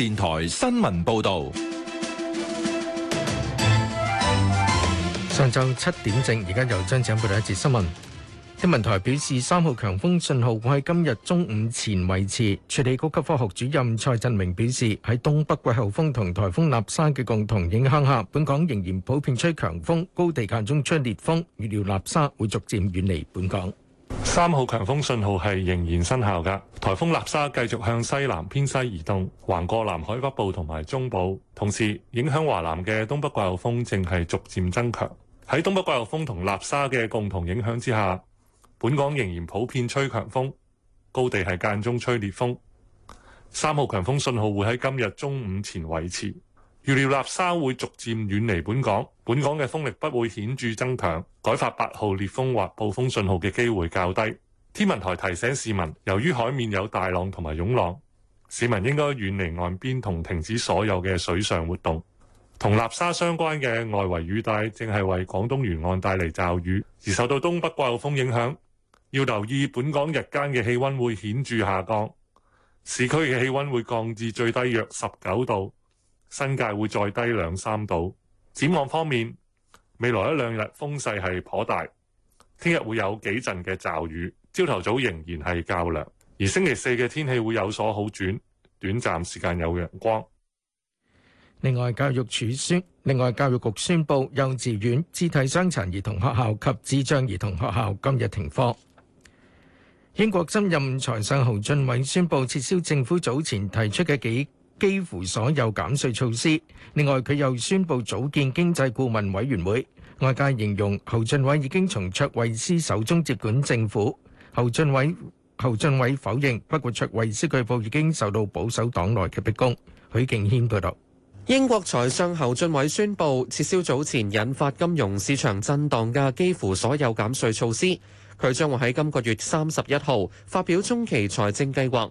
電台新聞報道：上晝七點正，而家又將請播另一節新聞。天文台表示，三號強風信號會喺今日中午前維持。助理高級科學主任蔡振明表示，喺東北季候風同台風納沙嘅共同影響下，本港仍然普遍吹強風，高地間中吹烈風。預料納沙會逐漸遠離本港。三號強風信號係仍然生效噶，台風納沙繼續向西南偏西移動，橫過南海北部同埋中部，同時影響華南嘅東北季候風正係逐漸增強。喺東北季候風同納沙嘅共同影響之下，本港仍然普遍吹強風，高地係間中吹烈風。三號強風信號會喺今日中午前維持。預料立沙會逐漸遠離本港，本港嘅風力不會顯著增強，改發八號烈風或暴風信號嘅機會較低。天文台提醒市民，由於海面有大浪同埋湧浪，市民應該遠離岸邊同停止所有嘅水上活動。同立沙相關嘅外圍雨帶正係為廣東沿岸帶嚟驟雨，而受到東北季候風影響，要留意本港日間嘅氣溫會顯著下降，市區嘅氣溫會降至最低約十九度。新界會再低兩三度。展望方面，未來一兩日風勢係頗大，聽日會有幾陣嘅驟雨，朝頭早仍然係較涼。而星期四嘅天氣會有所好轉，短暫時間有陽光。另外，教育處宣，另外教育局宣布，幼稚園、肢體傷殘兒童學校及智障兒童學校今日停課。英國新任財相侯俊偉宣布撤銷政府早前提出嘅幾幾乎所有減稅措施。另外，佢又宣布組建經濟顧問委員會。外界形容侯俊偉已經從卓慧思手中接管政府。侯俊偉侯俊偉否認，不過卓慧思據報已經受到保守黨內嘅逼宮。許敬軒報導，英國財相侯俊偉宣布撤銷早前引發金融市場震盪嘅幾乎所有減稅措施。佢將會喺今個月三十一號發表中期財政計劃。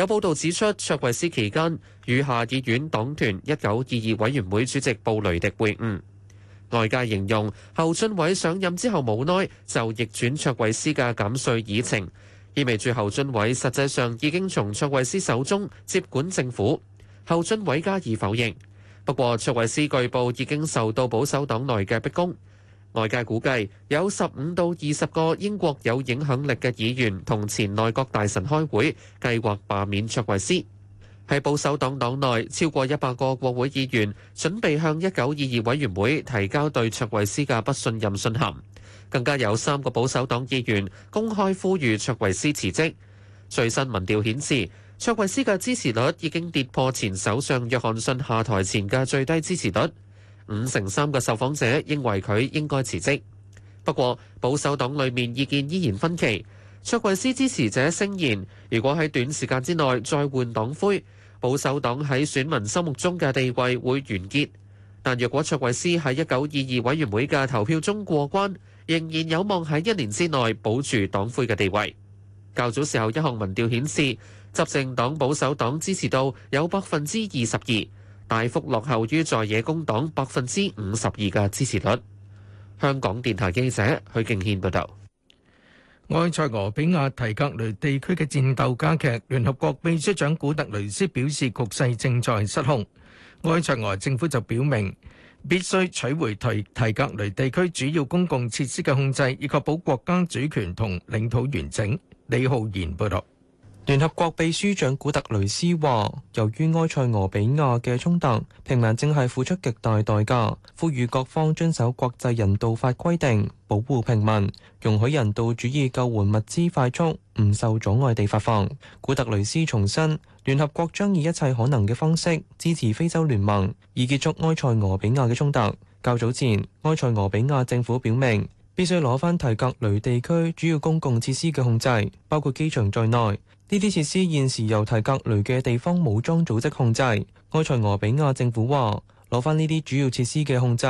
有報道指出，卓慧斯期間與下議院黨團一九二二委員會主席布雷迪會晤，外界形容侯俊偉上任之後冇耐就逆轉卓慧斯嘅減稅議程，意味住侯俊偉實際上已經從卓慧斯手中接管政府。侯俊偉加以否認，不過卓慧斯據報已經受到保守黨內嘅逼宮。外界估計有十五到二十個英國有影響力嘅議員同前內閣大臣開會，計劃罷免卓維斯。喺保守黨黨內超過一百個國會議員準備向一九二二委員會提交對卓維斯嘅不信任信函。更加有三個保守黨議員公開呼籲卓維斯辭職。最新民調顯示，卓維斯嘅支持率已經跌破前首相約翰遜下台前嘅最低支持率。五成三嘅受訪者認為佢應該辭職。不過保守黨裡面意見依然分歧。卓慧思支持者聲言，如果喺短時間之內再換黨魁，保守黨喺選民心目中嘅地位會完結。但若果卓慧思喺一九二二委員會嘅投票中過關，仍然有望喺一年之內保住黨魁嘅地位。較早時候，一項民調顯示執政黨保守黨支持度有百分之二十二。大幅落後於在野工黨百分之五十二嘅支持率。香港電台記者許敬軒報導。埃塞俄比亞提格雷地區嘅戰鬥加劇，聯合國秘書長古特雷斯表示局勢正在失控。埃塞俄政府就表明必須取回提提格雷地區主要公共設施嘅控制，以確保國家主權同領土完整。李浩然報導。聯合國秘書長古特雷斯話，由於埃塞俄比亞嘅衝突，平民正係付出極大代價，呼籲各方遵守國際人道法規定，保護平民，容許人道主義救援物資快速唔受阻礙地發放。古特雷斯重申，聯合國將以一切可能嘅方式支持非洲聯盟，以結束埃塞俄比亞嘅衝突。較早前，埃塞俄比亞政府表明必須攞返提格雷地區主要公共設施嘅控制，包括機場在內。呢啲設施現時由提格雷嘅地方武裝組織控制。埃塞俄比亞政府話攞返呢啲主要設施嘅控制，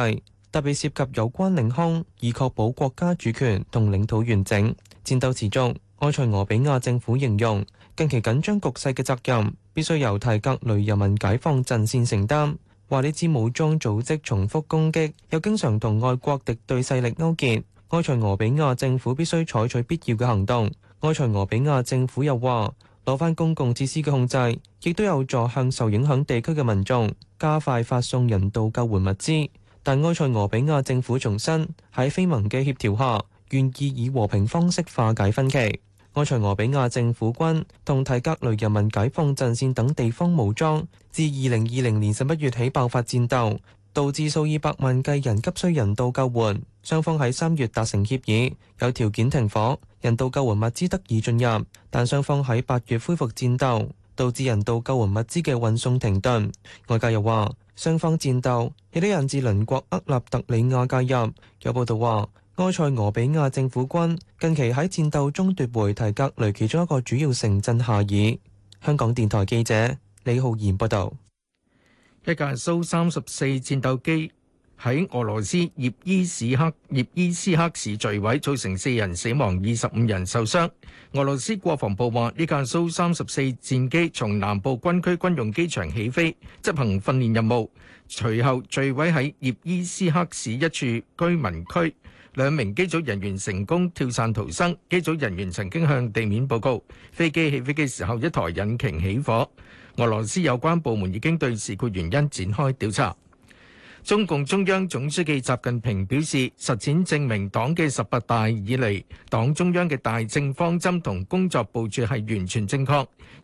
特別涉及有關領空，以確保國家主權同領土完整。戰鬥持續，埃塞俄比亞政府形容近期緊張局勢嘅責任必須由提格雷人民解放陣線承擔。話呢支武裝組織重複攻擊，又經常同外國敵對勢力勾結，埃塞俄比亞政府必須採取必要嘅行動。埃塞俄比亞政府又話攞翻公共設施嘅控制，亦都有助向受影響地區嘅民眾加快發送人道救援物資。但埃塞俄比亞政府重申，喺非盟嘅協調下，願意以和平方式化解分歧。埃塞俄比亞政府軍同提格雷人民解放陣線等地方武裝自二零二零年十一月起爆發戰鬥。導致數以百萬計人急需人道救援。雙方喺三月達成協議，有條件停火，人道救援物資得以進入。但雙方喺八月恢復戰鬥，導致人道救援物資嘅運送停頓。外界又話，雙方戰鬥亦都引致鄰國厄立特里亞介入。有報道話，埃塞俄比亞政府軍近期喺戰鬥中奪回提格雷其中一個主要城鎮夏爾。香港電台記者李浩然報道。一架蘇三十四戰鬥機喺俄羅斯葉伊斯克葉伊斯克市墜毀，造成四人死亡、二十五人受傷。俄羅斯國防部話，呢架蘇三十四戰機從南部軍區軍用機場起飛，執行訓練任務，隨後墜毀喺葉伊斯克市一處居民區。兩名機組人員成功跳傘逃生。機組人員曾經向地面報告，飛機起飛嘅時候一台引擎起火。俄羅斯有關部門已經對事故原因展開調查。中共中央總書記習近平表示，實踐證明黨嘅十八大以嚟，黨中央嘅大政方針同工作部署係完全正確。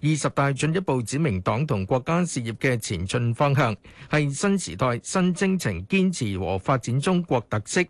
二十大進一步指明黨同國家事業嘅前進方向，係新時代新征程，堅持和發展中國特色。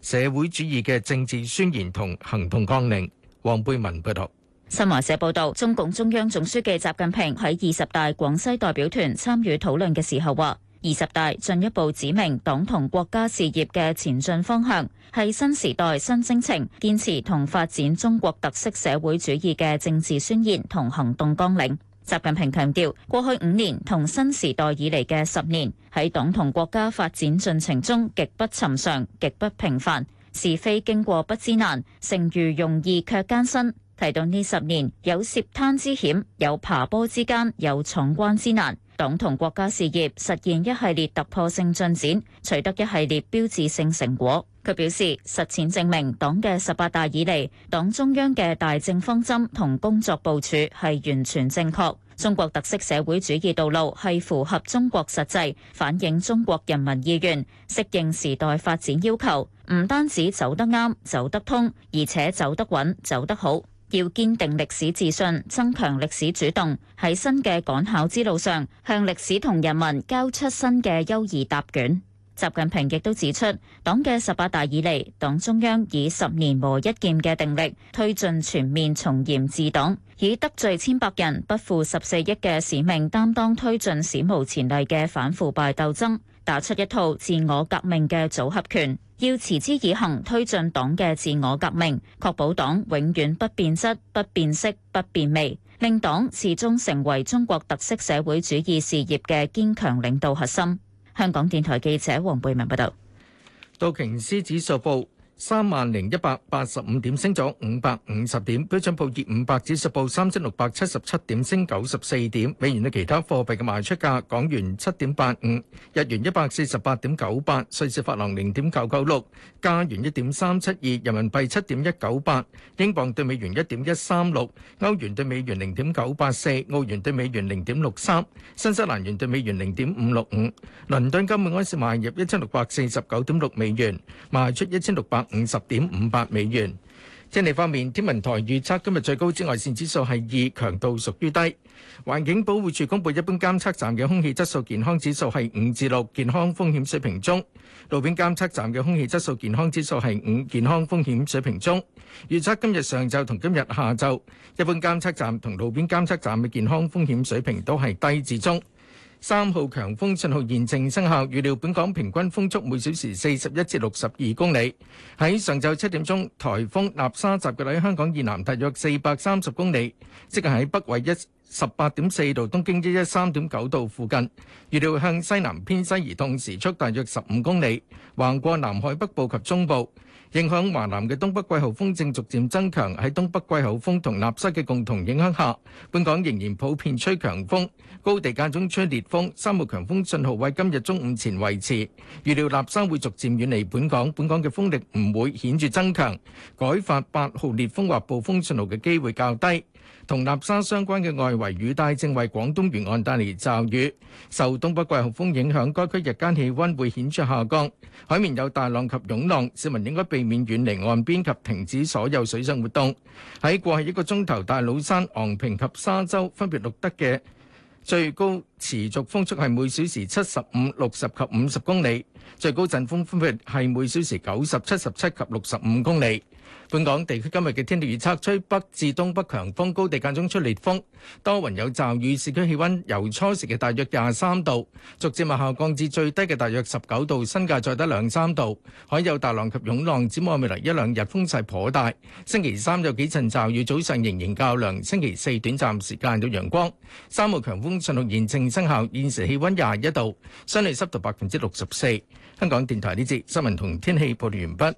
社會主義嘅政治宣言同行動綱領。黃貝文報道。新華社報道，中共中央總書記習近平喺二十大廣西代表團參與討論嘅時候話：二十大進一步指明黨同國家事業嘅前進方向，係新時代新征程，堅持同發展中國特色社會主義嘅政治宣言同行動綱領。習近平強調，過去五年同新時代以嚟嘅十年，喺黨同國家發展進程中極不尋常、極不平凡，是非經過不知難，成如容易卻艱辛。提到呢十年，有涉灘之險，有爬坡之艱，有闖關之難。黨同國家事業實現一系列突破性進展，取得一系列標誌性成果。佢表示，實踐證明，黨嘅十八大以嚟，黨中央嘅大政方針同工作部署係完全正確，中國特色社會主義道路係符合中國實際，反映中國人民意願，適應時代發展要求，唔單止走得啱、走得通，而且走得穩、走得好。要堅定歷史自信，增強歷史主動，喺新嘅趕考之路上，向歷史同人民交出新嘅優異答卷。習近平亦都指出，黨嘅十八大以嚟，黨中央以十年磨一劍嘅定力，推進全面從嚴治黨，以得罪千百人不負十四億嘅使命擔當，推進史無前例嘅反腐敗鬥爭，打出一套自我革命嘅組合拳。要持之以恒推進黨嘅自我革命，確保黨永遠不變質不變色、不變味，令黨始終成為中國特色社會主義事業嘅堅強領導核心。香港電台記者黃貝文報道。道瓊斯指數報，三萬零一百八十五點，升咗五百五十點，標準普爾五百指數報三千六百七十七點，升九十四點。美元嘅其他貨幣嘅賣出價：港元七點八五，日元一百四十八點九八，瑞士法郎零點九九六，加元一點三七二，人民幣七點一九八，英鎊對美元一點一三六，歐元對美元零點九八四，澳元對美元零點六三，新西蘭元對美元零點五六五。倫敦金每安士買入一千六百四十九點六美元，賣出一千六百。五十點五八美元。天氣方面，天文台預測今日最高紫外線指數係二，強度屬於低。環境保護署公布一般監測站嘅空氣質素健康指數係五至六，6, 健康風險水平中。路邊監測站嘅空氣質素健康指數係五，健康風險水平中。預測今日上晝同今日下晝，一般監測站同路邊監測站嘅健康風險水平都係低至中。三號強風信號現正生效，預料本港平均風速每小時四十一至六十二公里。喺上晝七點鐘，颱風納沙集結喺香港以南大約四百三十公里，即係喺北緯一十八點四度、東經一一三點九度附近。預料向西南偏西移動，時速大約十五公里，橫過南海北部及中部。影響華南嘅東北季候風正逐漸增強，喺東北季候風同納沙嘅共同影響下，本港仍然普遍吹強風，高地間中吹烈風。三號強風信號喺今日中午前維持。預料納沙會逐漸遠離本港，本港嘅風力唔會顯著增強，改發八號烈風或暴風信號嘅機會較低。同南沙相關嘅外圍雨帶正為廣東沿岸帶嚟驟雨，受東北季候風影響，該區日間氣温會顯著下降。海面有大浪及湧浪，市民應該避免遠離岸邊及停止所有水上活動。喺過去一個鐘頭，大老山、昂坪及沙洲分別錄得嘅最高持續風速係每小時七十五、六十及五十公里，最高陣風分別係每小時九十七、七十七及六十五公里。本港地區今日嘅天氣預測，吹北至東北強風，高地間中出烈風，多雲有驟雨，市區氣温由初時嘅大約廿三度，逐漸下降至最低嘅大約十九度，新界再低兩三度。海有大浪及湧浪，展望未來一兩日風勢頗大。星期三有幾陣驟雨，早上仍然較涼。星期四短暫時間有陽光。三號強風信號現正生效，現時氣温廿一度，室內濕度百分之六十四。香港電台呢節新聞同天氣報道完畢。